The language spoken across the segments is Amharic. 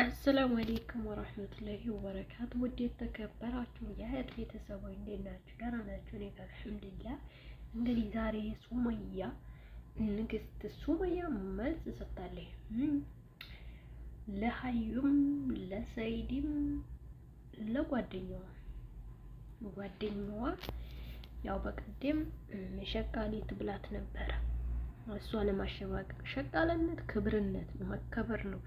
አሰላሙ አሌይኩም ወራህመቱላሂ ወበረካቱ። ውድ የተከበራችሁ የእህት ቤተሰቦች እንዴት ናችሁ? ደህና ናችሁ? እኔ ጋር አልሐምዱሊላህ። እንግዲህ ዛሬ ሱመያ ንግስት ሱመያ መልስ ሰጥታለች ለሀዩም ለሰይድም ለጓደኛዋ ጓደኛዋ ያው በቀደም ሸቃሊት ብላት ነበረ። እሷ ለማሸማቀቅ ሸቃልነት ክብርነት መከበር ነው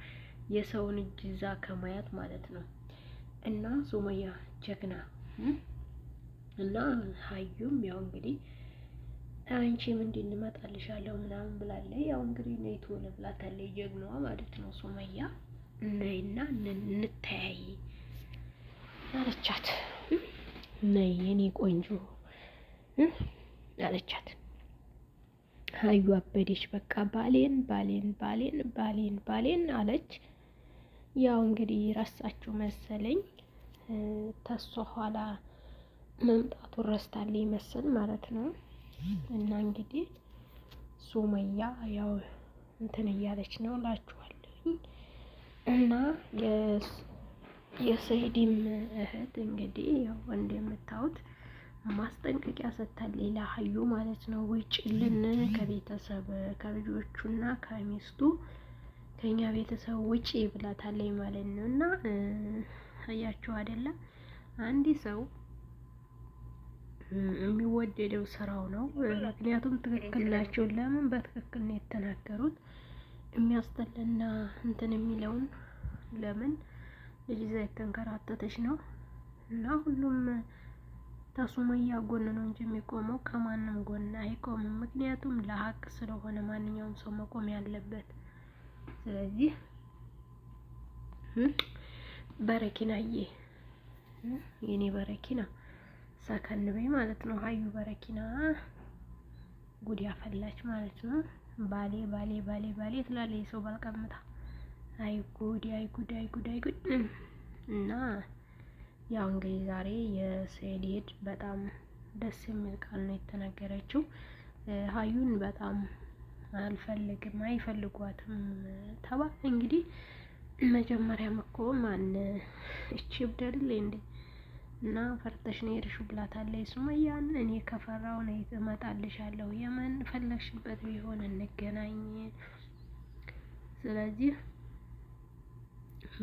የሰውን እጅ ይዛ ከማያት ማለት ነው። እና ሱመያ ጀግና እና ሀዩም ያው እንግዲህ አንቺ ምንድን እንመጣልሻለሁ ምናምን ብላለች። ያው እንግዲህ ነይ ቶሎ ብላታለች ጀግናዋ ማለት ነው። ሱመያ ነይና እንተያይ አለቻት። ነይ የኔ ቆንጆ አለቻት። ሀዩ አበዴች። በቃ ባሌን ባሌን ባሌን ባሌን ባሌን አለች። ያው እንግዲህ ረሳችሁ መሰለኝ ተሷ ኋላ መምጣቱ ረስታለኝ መሰል ማለት ነው። እና እንግዲህ ሱመያ ያው እንትን እያለች ነው እላችኋለሁኝ። እና የሰይድም እህት እንግዲህ ያው እንደምታዩት ማስጠንቀቂያ ሰጥታለች ለሀዩ ማለት ነው። ውጭልን ከቤተሰብ ከልጆቹና ከሚስቱ ከኛ ቤተሰብ ውጪ ብላታለኝ ማለት ነው። እና አያችሁ አይደለ አንድ ሰው የሚወደደው ስራው ነው። ምክንያቱም ትክክል ናቸው። ለምን በትክክል ነው የተናገሩት። የሚያስጠላና እንትን የሚለውን ለምን ልጅ ዛ የተንከራተተች ነው እና ሁሉም ተሱመያ ጎን ነው እንጂ የሚቆመው ከማንም ጎን አይቆምም። ምክንያቱም ለሀቅ ስለሆነ ማንኛውም ሰው መቆም ያለበት ስለዚህ በረኪናዬ የኔ በረኪና ሰከን በይ ማለት ነው። ሀዩ በረኪና ጉድ ያፈላች ማለት ነው። ባሌ ባሌ ባሌ ባሌ ትላለ የሰው ባልቀምታ። አይ ጉድ አይ ጉድ አይ ጉድ አይ ጉድ። እና ያው እንግዲህ ዛሬ የሰኢድ በጣም ደስ የሚል ቃል ነው የተናገረችው ሀዩን በጣም አልፈልግም፣ አይፈልጓትም ተባለ። እንግዲህ መጀመሪያም እኮ ማን እቺ እብደል እንዴ እና ፈርተሽ ነው የሄድሽው ብላታለች ሱመያን። እኔ ከፈራው ነው እመጣልሻለሁ፣ የምን ፈለግሽበት ቢሆን እንገናኝ። ስለዚህ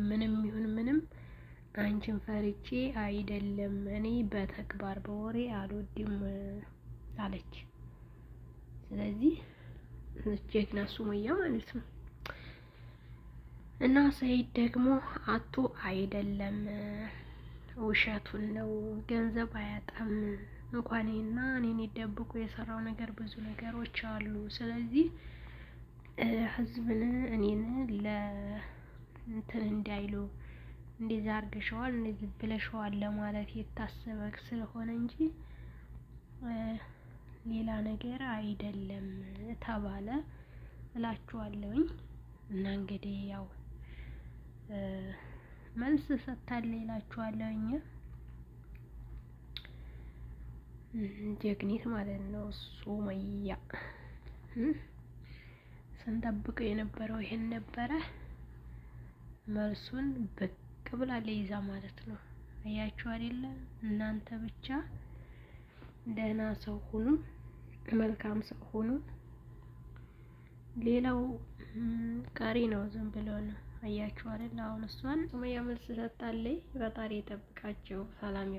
ምንም ይሁን ምንም አንቺን ፈርቼ አይደለም፣ እኔ በተግባር በወሬ አልወድም አለች። ስለዚህ ጀግና ሱመያ ማለት ነው። እና ሰኢድ ደግሞ አቶ አይደለም ውሸቱን ነው ገንዘብ አያጣም። እንኳን እና እኔን ደብቆ የሰራው ነገር ብዙ ነገሮች አሉ። ስለዚህ ህዝብን እኔን ለእንትን እንዳይሉ እንደዛ አርግሸዋል እንደዚህ ብለሸዋል ለማለት የታሰበ ስለሆነ እንጂ ሌላ ነገር አይደለም ተባለ እላችኋለሁኝ። እና እንግዲህ ያው መልስ ሰጥታለ ይላችኋለሁኝ። ጀግኒት ማለት ነው ሱመያ። ስንጠብቀው የነበረው ይሄን ነበረ። መልሱን ብቅ ብላለ ይዛ ማለት ነው። አያችሁ አይደለ እናንተ ብቻ ደህና ሰው ሁኑ፣ መልካም ሰው ሁኑ። ሌላው ቀሪ ነው። ዝም ብሎ ነው። አያችሁ አይደል? አሁን እሷን ሱመያ መልስ ሰጣለች። ፈጣሪ የጠብቃቸው ሰላም